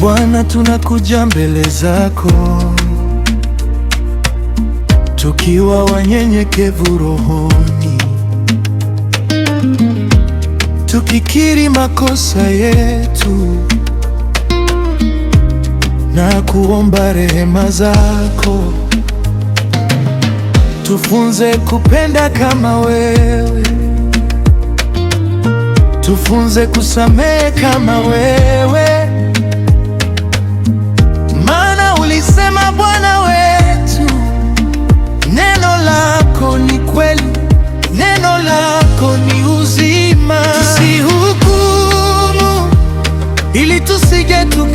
Bwana, tunakuja mbele zako tukiwa wanyenyekevu rohoni, tukikiri makosa yetu na kuomba rehema zako. Tufunze kupenda kama wewe, tufunze kusamehe kama wewe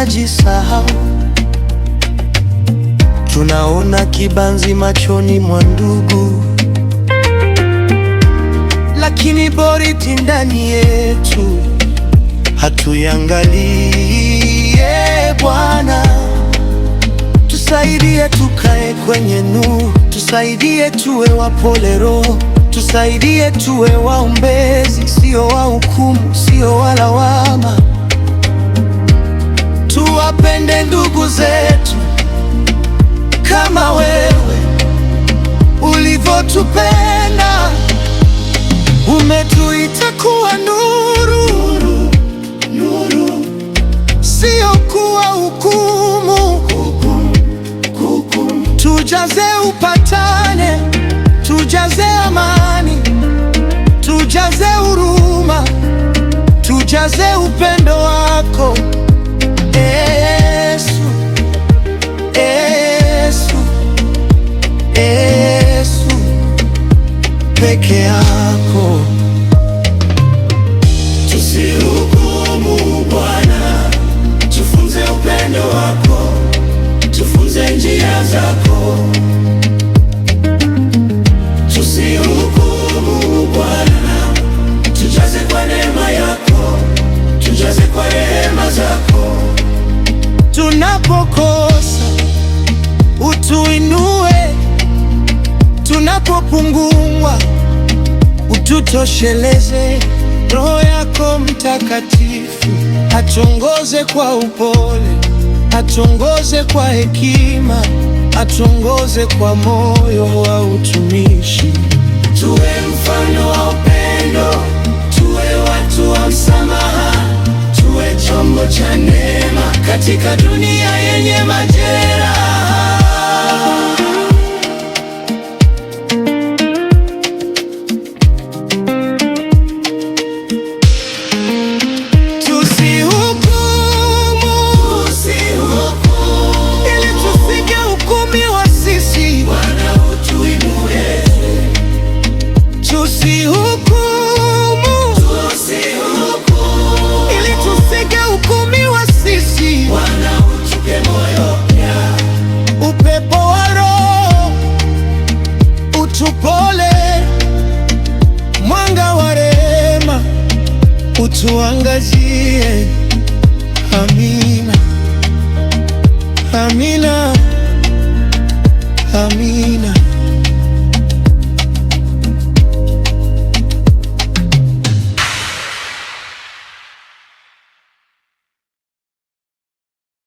najisahau, tunaona kibanzi machoni mwa ndugu, lakini boriti ndani yetu hatuyangalie. Eh, Bwana tusaidie, tukae kwenye nuru, tusaidie tuwe wapole roho tusaidie tuwe waombezi, sio wahukumu, sio walawama tuwapende ndugu zetu kama wewe ulivyotupenda. Umetuita kuwa nuru, nuru, nuru, sio kuwa hukumu. Tujaze upatane, tujaze amani, tujaze huruma, tujaze upendo. peke yako. Tusihukumu Bwana, tufunze upendo wako, tufunze njia zako. Tusihukumu Bwana, tujaze kwa neema yako, tujaze kwa rehema zako. Tunapokosa utuinue, tunapopungua ututosheleze. Roho yako Mtakatifu atuongoze kwa upole, atuongoze kwa hekima, atuongoze kwa moyo wa utumishi, tuwe mfano wa upendo, tuwe watu wa msamaha, tuwe chombo cha neema katika dunia yenye majeraha. utuangazie. Amina, amina.